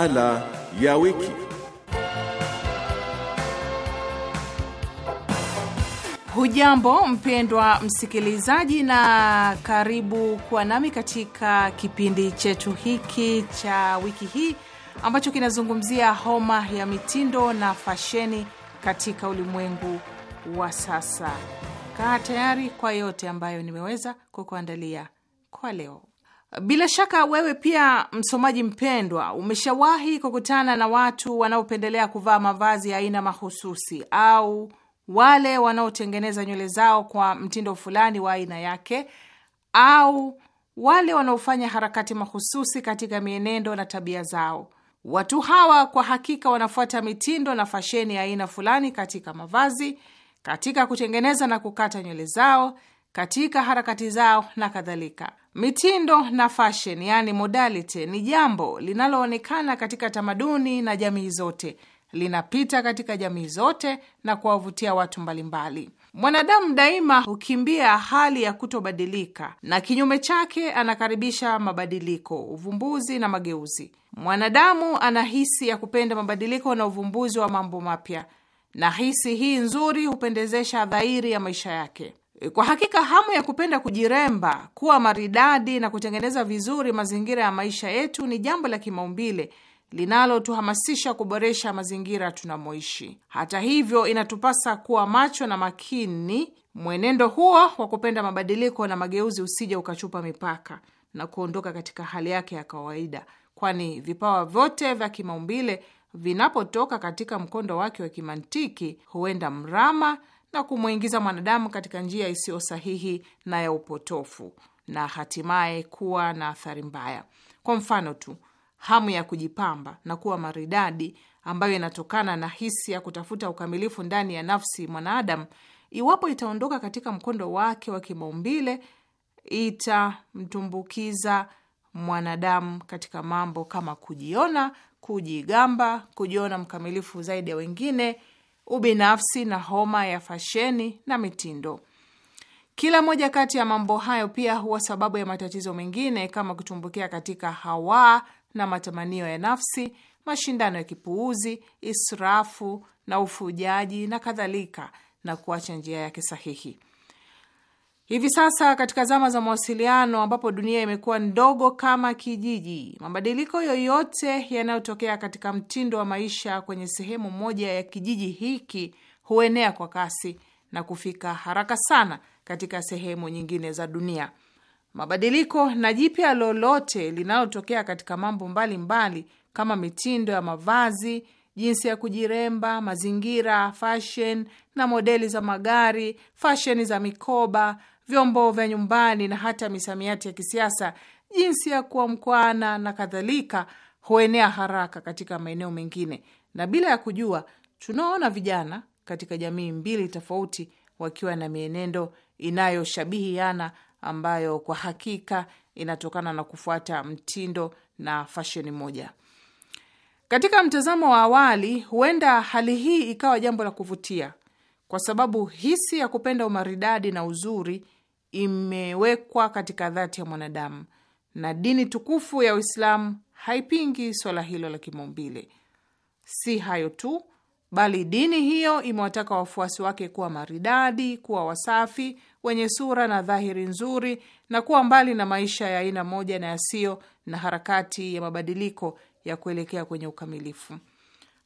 makala ya wiki. Hujambo mpendwa msikilizaji, na karibu kuwa nami katika kipindi chetu hiki cha wiki hii ambacho kinazungumzia homa ya mitindo na fasheni katika ulimwengu wa sasa. Kaa tayari kwa yote ambayo nimeweza kukuandalia kwa leo. Bila shaka wewe pia msomaji mpendwa, umeshawahi kukutana na watu wanaopendelea kuvaa mavazi ya aina mahususi au wale wanaotengeneza nywele zao kwa mtindo fulani wa aina yake au wale wanaofanya harakati mahususi katika mienendo na tabia zao. Watu hawa kwa hakika wanafuata mitindo na fasheni ya aina fulani katika mavazi, katika kutengeneza na kukata nywele zao, katika harakati zao na kadhalika. Mitindo na fashion, yani modality, ni jambo linaloonekana katika tamaduni na jamii zote, linapita katika jamii zote na kuwavutia watu mbalimbali. Mwanadamu daima hukimbia hali ya kutobadilika na kinyume chake anakaribisha mabadiliko, uvumbuzi na mageuzi. Mwanadamu ana hisi ya kupenda mabadiliko na uvumbuzi wa mambo mapya, na hisi hii nzuri hupendezesha dhahiri ya maisha yake. Kwa hakika hamu ya kupenda kujiremba, kuwa maridadi na kutengeneza vizuri mazingira ya maisha yetu ni jambo la kimaumbile linalotuhamasisha kuboresha mazingira tunamoishi. Hata hivyo, inatupasa kuwa macho na makini mwenendo huo wa kupenda mabadiliko na mageuzi usije ukachupa mipaka na kuondoka katika hali yake ya kawaida, kwani vipawa vyote vya kimaumbile vinapotoka katika mkondo wake wa kimantiki huenda mrama na kumwingiza mwanadamu katika njia isiyo sahihi na ya upotofu na hatimaye kuwa na athari mbaya. Kwa mfano tu, hamu ya kujipamba na kuwa maridadi ambayo inatokana na hisi ya kutafuta ukamilifu ndani ya nafsi mwanadamu, iwapo itaondoka katika mkondo wake wa kimaumbile, itamtumbukiza mwanadamu katika mambo kama kujiona, kujigamba, kujiona mkamilifu zaidi ya wengine ubinafsi na homa ya fasheni na mitindo. Kila moja kati ya mambo hayo pia huwa sababu ya matatizo mengine kama kutumbukia katika hawa na matamanio ya nafsi, mashindano ya kipuuzi, israfu na ufujaji na kadhalika, na kuacha njia yake sahihi. Hivi sasa katika zama za mawasiliano ambapo dunia imekuwa ndogo kama kijiji, mabadiliko yoyote yanayotokea katika mtindo wa maisha kwenye sehemu moja ya kijiji hiki huenea kwa kasi na kufika haraka sana katika sehemu nyingine za dunia. Mabadiliko na jipya lolote linalotokea katika mambo mbalimbali mbali, kama mitindo ya mavazi, jinsi ya kujiremba, mazingira, fashion na modeli za magari, fashion za mikoba vyombo vya nyumbani na hata misamiati ya kisiasa, jinsi ya kuwa mkwana na kadhalika, huenea haraka katika maeneo mengine, na bila ya kujua tunaona vijana katika jamii mbili tofauti wakiwa na mienendo inayoshabihiana ambayo kwa hakika inatokana na kufuata mtindo na fasheni moja. Katika mtazamo wa awali, huenda hali hii ikawa jambo la kuvutia, kwa sababu hisi ya kupenda umaridadi na uzuri imewekwa katika dhati ya mwanadamu na dini tukufu ya Uislamu haipingi swala hilo la kimaumbile. Si hayo tu, bali dini hiyo imewataka wafuasi wake kuwa maridadi, kuwa wasafi, wenye sura na dhahiri nzuri, na kuwa mbali na maisha ya aina moja na yasiyo na harakati ya mabadiliko ya kuelekea kwenye ukamilifu.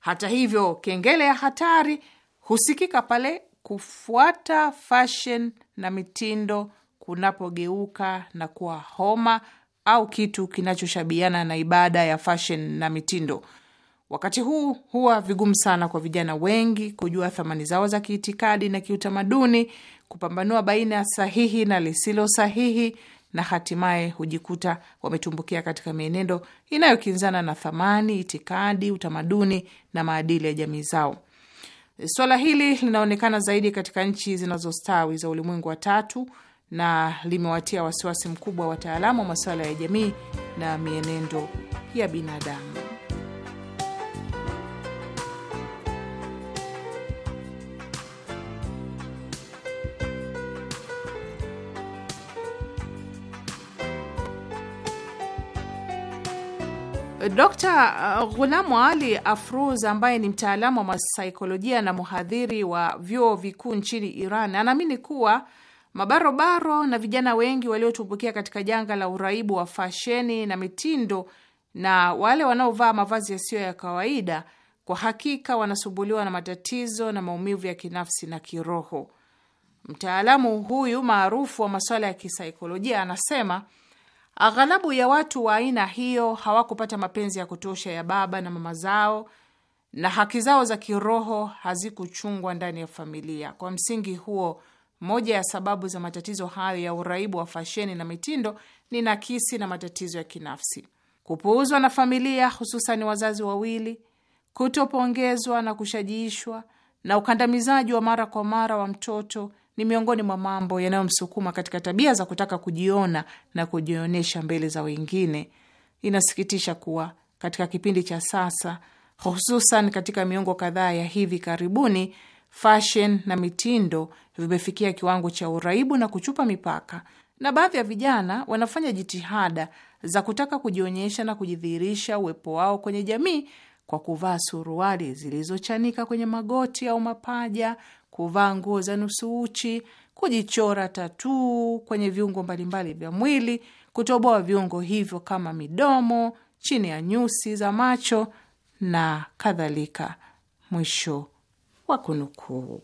Hata hivyo, kengele ya hatari husikika pale kufuata fashion na mitindo kunapogeuka na kuwa homa au kitu kinachoshabiana na ibada ya fashion na mitindo. Wakati huu huwa vigumu sana kwa vijana wengi kujua thamani zao za kiitikadi na kiutamaduni, kupambanua baina ya sahihi na lisilo sahihi, na hatimaye hujikuta wametumbukia katika mienendo inayokinzana na thamani, itikadi, utamaduni na maadili ya jamii zao. Swala hili linaonekana zaidi katika nchi zinazostawi za ulimwengu wa tatu na limewatia wasiwasi mkubwa wataalamu wa masuala ya jamii na mienendo ya binadamu. Dkt. Uh, Ghulamu Ali Afruz ambaye ni mtaalamu wa masaikolojia na mhadhiri wa vyuo vikuu nchini Iran anaamini kuwa mabarobaro na vijana wengi waliotumbukia katika janga la uraibu wa fasheni na mitindo na wale wanaovaa mavazi yasiyo ya kawaida kwa hakika wanasumbuliwa na matatizo na maumivu ya kinafsi na kiroho. Mtaalamu huyu maarufu wa masuala ya kisaikolojia anasema Aghalabu ya watu wa aina hiyo hawakupata mapenzi ya kutosha ya baba na mama zao na haki zao za kiroho hazikuchungwa ndani ya familia. Kwa msingi huo, moja ya sababu za matatizo hayo ya uraibu wa fasheni na mitindo ni nakisi na matatizo ya kinafsi, kupuuzwa na familia, hususan wazazi wawili, kutopongezwa na kushajiishwa, na ukandamizaji wa mara kwa mara wa mtoto ni miongoni mwa mambo yanayomsukuma katika tabia za kutaka kujiona na kujionyesha mbele za wengine. Inasikitisha kuwa katika kipindi cha sasa, hususan katika miongo kadhaa ya hivi karibuni, fashion na mitindo vimefikia kiwango cha uraibu na kuchupa mipaka, na baadhi ya vijana wanafanya jitihada za kutaka kujionyesha na kujidhihirisha uwepo wao kwenye jamii kwa kuvaa suruali zilizochanika kwenye magoti au mapaja, kuvaa nguo za nusu uchi, kujichora tatuu kwenye viungo mbalimbali vya mwili, kutoboa viungo hivyo kama midomo, chini ya nyusi za macho na kadhalika. Mwisho wa kunukuu.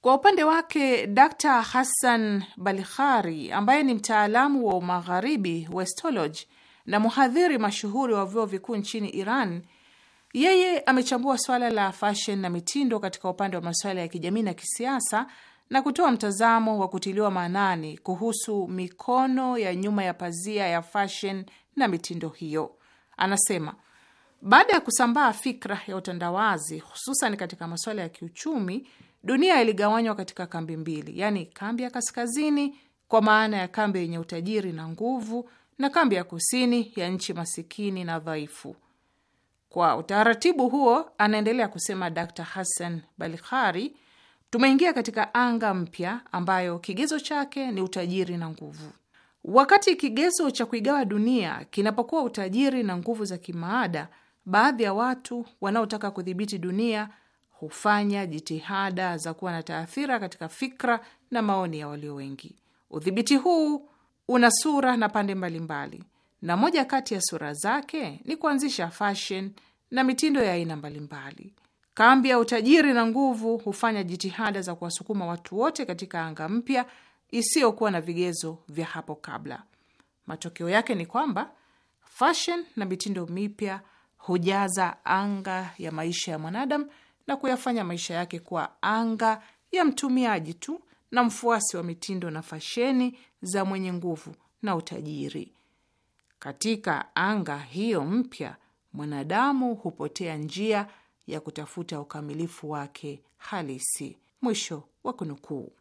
Kwa upande wake Dr Hassan Balihari, ambaye ni mtaalamu wa umagharibi westology na mhadhiri mashuhuri wa vyuo vikuu nchini Iran yeye amechambua swala la fashion na mitindo katika upande wa masuala ya kijamii na kisiasa na kutoa mtazamo wa kutiliwa maanani kuhusu mikono ya nyuma ya pazia ya fashion na mitindo hiyo. Anasema baada ya kusambaa fikra ya utandawazi, hususan katika masuala ya kiuchumi, dunia iligawanywa katika kambi mbili, yaani kambi ya kaskazini kwa maana ya kambi yenye utajiri na nguvu, na kambi ya kusini ya nchi masikini na dhaifu. Kwa utaratibu huo, anaendelea kusema Dr Hassan Balikhari, tumeingia katika anga mpya ambayo kigezo chake ni utajiri na nguvu. Wakati kigezo cha kuigawa dunia kinapokuwa utajiri na nguvu za kimaada, baadhi ya watu wanaotaka kudhibiti dunia hufanya jitihada za kuwa na taathira katika fikra na maoni ya walio wengi. Udhibiti huu una sura na pande mbalimbali mbali na moja kati ya sura zake ni kuanzisha fashion na mitindo ya aina mbalimbali. Kambi ya utajiri na nguvu hufanya jitihada za kuwasukuma watu wote katika anga mpya isiyokuwa na vigezo vya hapo kabla. Matokeo yake ni kwamba fashion na mitindo mipya hujaza anga ya maisha ya mwanadamu na kuyafanya maisha yake kuwa anga ya mtumiaji tu na mfuasi wa mitindo na fasheni za mwenye nguvu na utajiri. Katika anga hiyo mpya, mwanadamu hupotea njia ya kutafuta ukamilifu wake halisi. Mwisho wa kunukuu.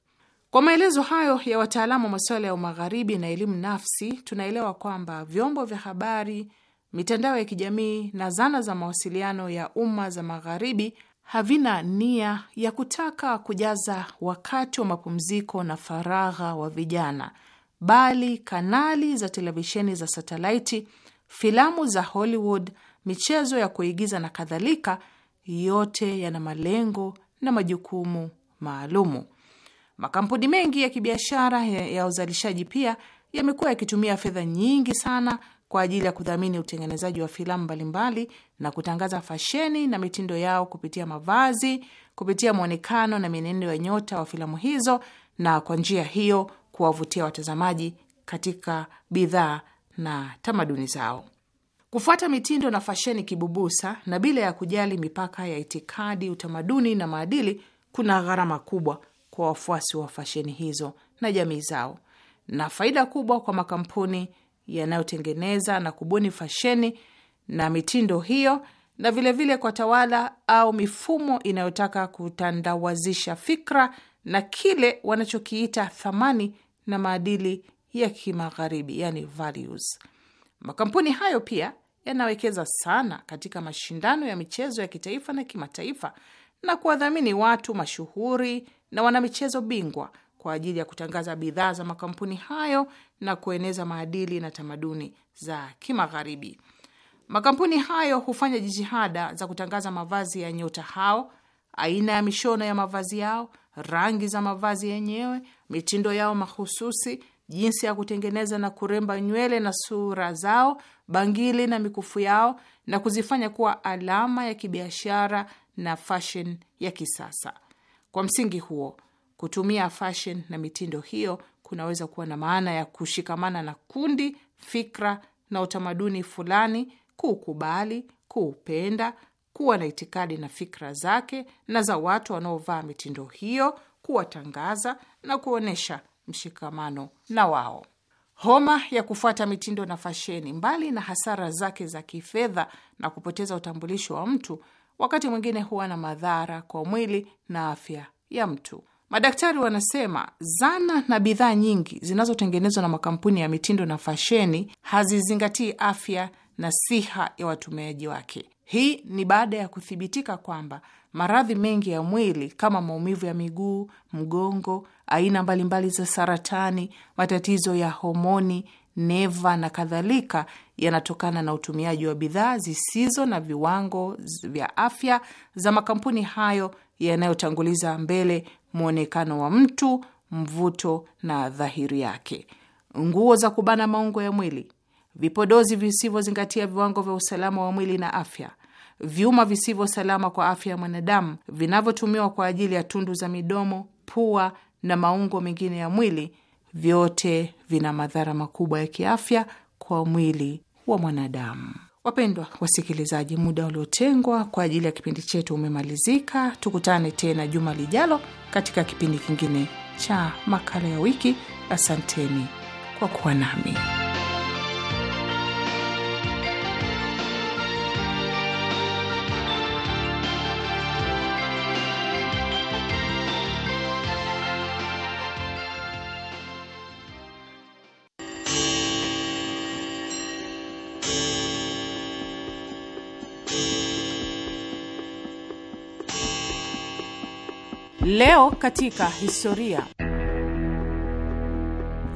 Kwa maelezo hayo ya wataalamu wa masuala ya umagharibi na elimu nafsi, tunaelewa kwamba vyombo vya habari, mitandao ya kijamii na zana za mawasiliano ya umma za magharibi havina nia ya kutaka kujaza wakati wa mapumziko na faragha wa vijana, bali kanali za televisheni za satelaiti, filamu za Hollywood, michezo ya kuigiza na kadhalika, yote yana malengo na majukumu maalumu. Makampuni mengi ya kibiashara ya, uzalishaji pia yamekuwa yakitumia fedha nyingi sana kwa ajili ya kudhamini utengenezaji wa filamu mbalimbali na kutangaza fasheni na mitindo yao kupitia mavazi, kupitia mwonekano na mienendo ya nyota wa filamu hizo, na kwa njia hiyo kuwavutia watazamaji katika bidhaa na tamaduni zao. Kufuata mitindo na fasheni kibubusa na bila ya kujali mipaka ya itikadi, utamaduni na maadili kuna gharama kubwa kwa wafuasi wa fasheni hizo na jamii zao, na faida kubwa kwa makampuni yanayotengeneza na kubuni fasheni na mitindo hiyo, na vilevile vile kwa tawala au mifumo inayotaka kutandawazisha fikra na kile wanachokiita thamani na maadili ya kimagharibi, yani values. Makampuni hayo pia yanawekeza sana katika mashindano ya michezo ya kitaifa na kimataifa na kuwadhamini watu mashuhuri na wanamichezo bingwa kwa ajili ya kutangaza bidhaa za makampuni hayo na kueneza maadili na tamaduni za kimagharibi. Makampuni hayo hufanya jitihada za kutangaza mavazi ya nyota hao, aina ya mishono ya mavazi yao rangi za mavazi yenyewe, mitindo yao mahususi, jinsi ya kutengeneza na kuremba nywele na sura zao, bangili na mikufu yao, na kuzifanya kuwa alama ya kibiashara na fashion ya kisasa. Kwa msingi huo, kutumia fashion na mitindo hiyo kunaweza kuwa na maana ya kushikamana na kundi, fikra na utamaduni fulani, kuukubali, kuupenda kuwa na itikadi na fikra zake na za watu wanaovaa mitindo hiyo, kuwatangaza na kuonyesha mshikamano na wao. Homa ya kufuata mitindo na fasheni, mbali na hasara zake za kifedha na kupoteza utambulisho wa mtu, wakati mwingine huwa na madhara kwa mwili na afya ya mtu. Madaktari wanasema zana na bidhaa nyingi zinazotengenezwa na makampuni ya mitindo na fasheni hazizingatii afya na siha ya watumiaji wake. Hii ni baada ya kuthibitika kwamba maradhi mengi ya mwili kama maumivu ya miguu, mgongo, aina mbalimbali za saratani, matatizo ya homoni, neva na kadhalika yanatokana na utumiaji wa bidhaa zisizo na viwango vya afya za makampuni hayo yanayotanguliza mbele mwonekano wa mtu, mvuto na dhahiri yake. Nguo za kubana maungo ya mwili, vipodozi visivyozingatia viwango vya usalama wa mwili na afya, vyuma visivyo salama kwa afya ya mwanadamu vinavyotumiwa kwa ajili ya tundu za midomo, pua na maungo mengine ya mwili, vyote vina madhara makubwa ya kiafya kwa mwili wa mwanadamu. Wapendwa wasikilizaji, muda uliotengwa kwa ajili ya kipindi chetu umemalizika. Tukutane tena juma lijalo katika kipindi kingine cha makala ya wiki. Asanteni kwa kuwa nami. Leo katika historia.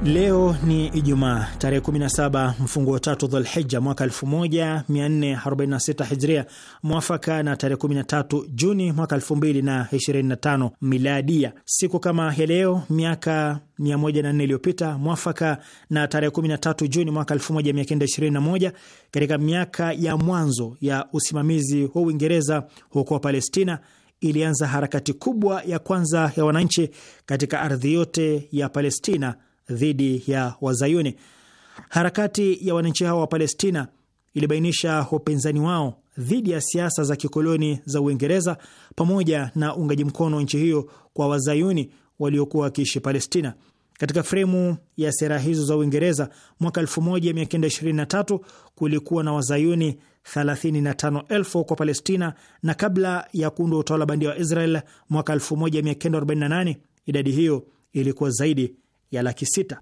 Leo ni Ijumaa tarehe 17 wa tatu Dhulhija mwaka 1446 Hijria, mwafaka na tarehe 13 Juni mwaka 2025 Miladia. Siku kama ya leo miaka 104 iliyopita, mwafaka na tarehe 13 Juni mwaka 1921, katika miaka ya mwanzo ya usimamizi wa Uingereza huko Palestina ilianza harakati kubwa ya kwanza ya wananchi katika ardhi yote ya Palestina dhidi ya Wazayuni. Harakati ya wananchi hao wa Palestina ilibainisha upinzani wao dhidi ya siasa za kikoloni za Uingereza pamoja na uungaji mkono wa nchi hiyo kwa Wazayuni waliokuwa wakiishi Palestina. Katika fremu ya sera hizo za Uingereza, mwaka 1923 kulikuwa na wazayuni 35,000 kwa Palestina, na kabla ya kuundwa utawala bandia wa Israel mwaka 1948 idadi hiyo ilikuwa zaidi ya laki sita.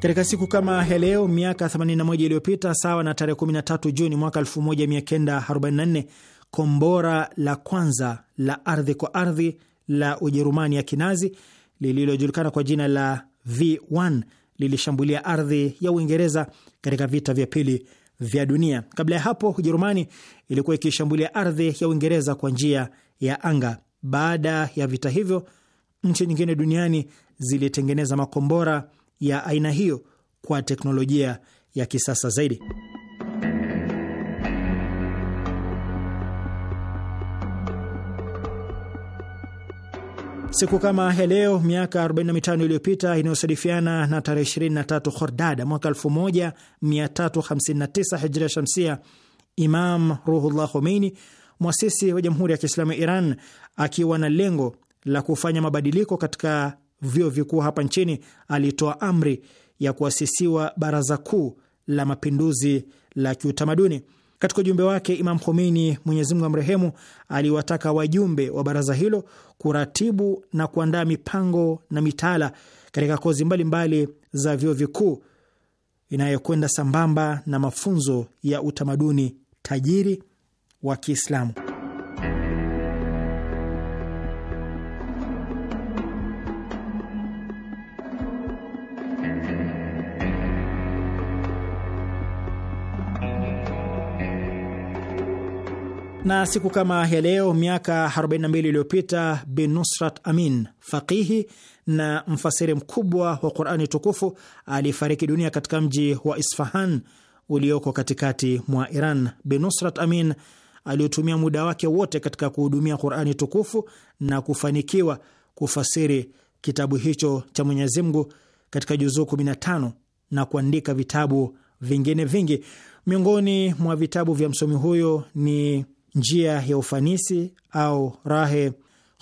Katika siku kama ya leo miaka 81 iliyopita, sawa na tarehe 13 Juni mwaka 1944, kombora la kwanza la ardhi kwa ardhi la Ujerumani ya Kinazi lililojulikana kwa jina la V1 lilishambulia ardhi ya Uingereza katika vita vya pili vya dunia. Kabla ya hapo, Ujerumani ilikuwa ikishambulia ardhi ya Uingereza kwa njia ya anga. Baada ya vita hivyo, nchi nyingine duniani zilitengeneza makombora ya aina hiyo kwa teknolojia ya kisasa zaidi. Siku kama ya leo miaka 45 iliyopita inayosadifiana na tarehe 23 Khordada mwaka 1359 Hijria Shamsia, Imam Ruhullah Khomeini, mwasisi wa Jamhuri ya Kiislamu ya Iran, akiwa na lengo la kufanya mabadiliko katika vyuo vikuu hapa nchini alitoa amri ya kuasisiwa Baraza Kuu la Mapinduzi la Kiutamaduni. Katika ujumbe wake, Imam Khomeini, Mwenyezi Mungu amrehemu, aliwataka wajumbe wa baraza hilo kuratibu na kuandaa mipango na mitaala katika kozi mbalimbali mbali za vyuo vikuu inayokwenda sambamba na mafunzo ya utamaduni tajiri wa Kiislamu. Na siku kama ya leo miaka 42 iliyopita, Binusrat Amin, faqihi na mfasiri mkubwa wa Qurani tukufu alifariki dunia katika mji wa Isfahan ulioko katikati mwa Iran. Binusrat Amin aliotumia muda wake wote katika kuhudumia Qurani tukufu na kufanikiwa kufasiri kitabu hicho cha Mwenyezi Mungu katika juzuu 15 na kuandika vitabu vingine vingi. Miongoni mwa vitabu vya msomi huyo ni njia ya ufanisi au rahe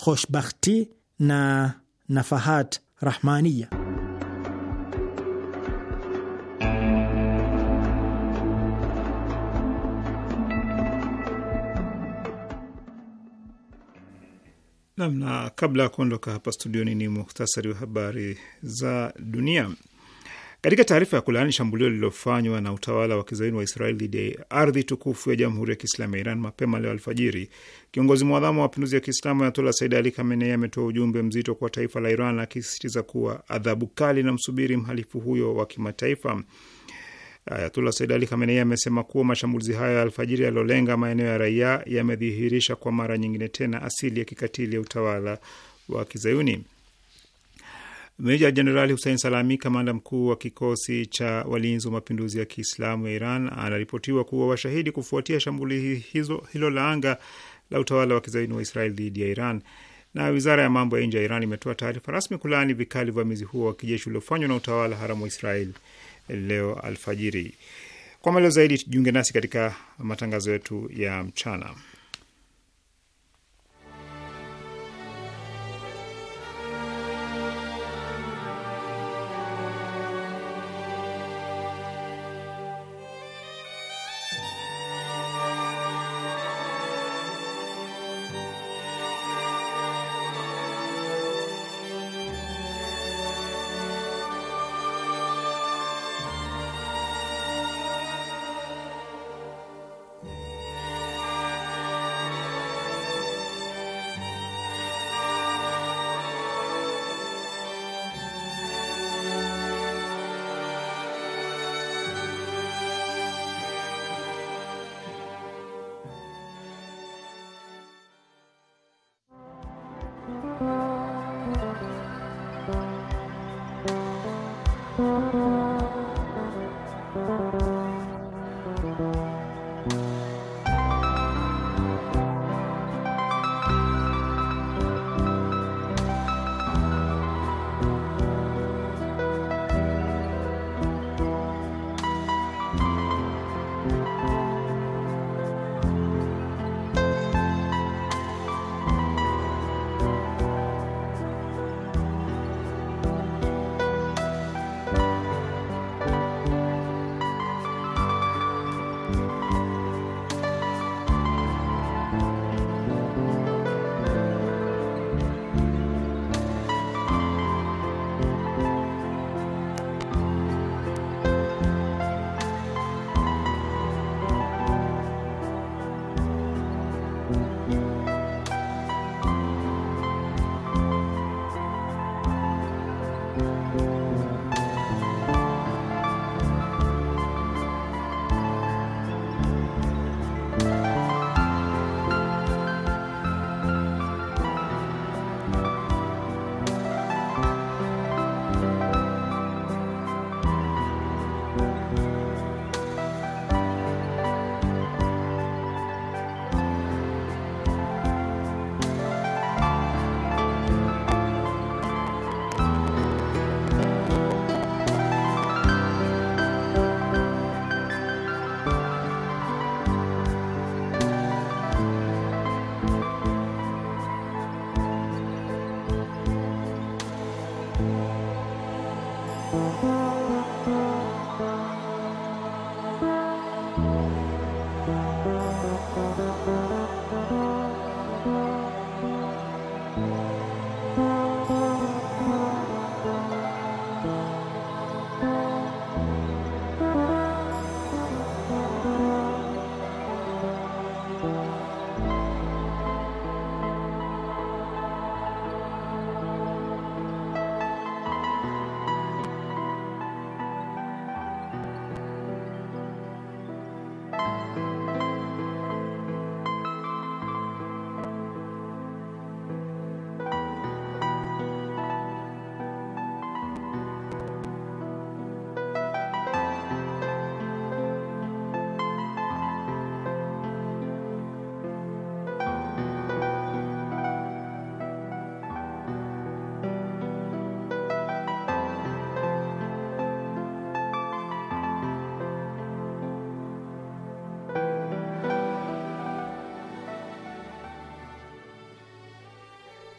khoshbakhti na nafahat rahmania Namna kabla ya kuondoka hapa studioni, ni muhtasari wa habari za dunia. Katika taarifa ya kulaani shambulio lililofanywa na utawala wa kizaini wa Israel dhidi ya ardhi tukufu ya Jamhuri ya Kiislamu ya Iran mapema leo alfajiri, kiongozi mwadhamu wa mapinduzi ya Kiislamu Ayatollah Said Ali Khamenei ametoa ujumbe mzito kwa taifa la Iran, akisisitiza kuwa adhabu kali na msubiri mhalifu huyo wa kimataifa. Ayatullah Said Ali Khamenei amesema kuwa mashambulizi hayo ya alfajiri yaliolenga maeneo ya raia yamedhihirisha kwa mara nyingine tena asili ya kikatili ya utawala wa kizayuni. Meja Jenerali husein Salami, kamanda mkuu wa kikosi cha walinzi wa mapinduzi ya Kiislamu ya Iran, anaripotiwa kuwa washahidi kufuatia shambuli hizo, hilo la anga la utawala wa kizaini wa Israel dhidi ya Iran. Na wizara ya mambo ya nje ya Iran imetoa taarifa rasmi kulaani vikali uvamizi huo wa kijeshi uliofanywa na utawala haramu wa Israel leo alfajiri. Kwa maelezo zaidi, jiunge nasi katika matangazo yetu ya mchana.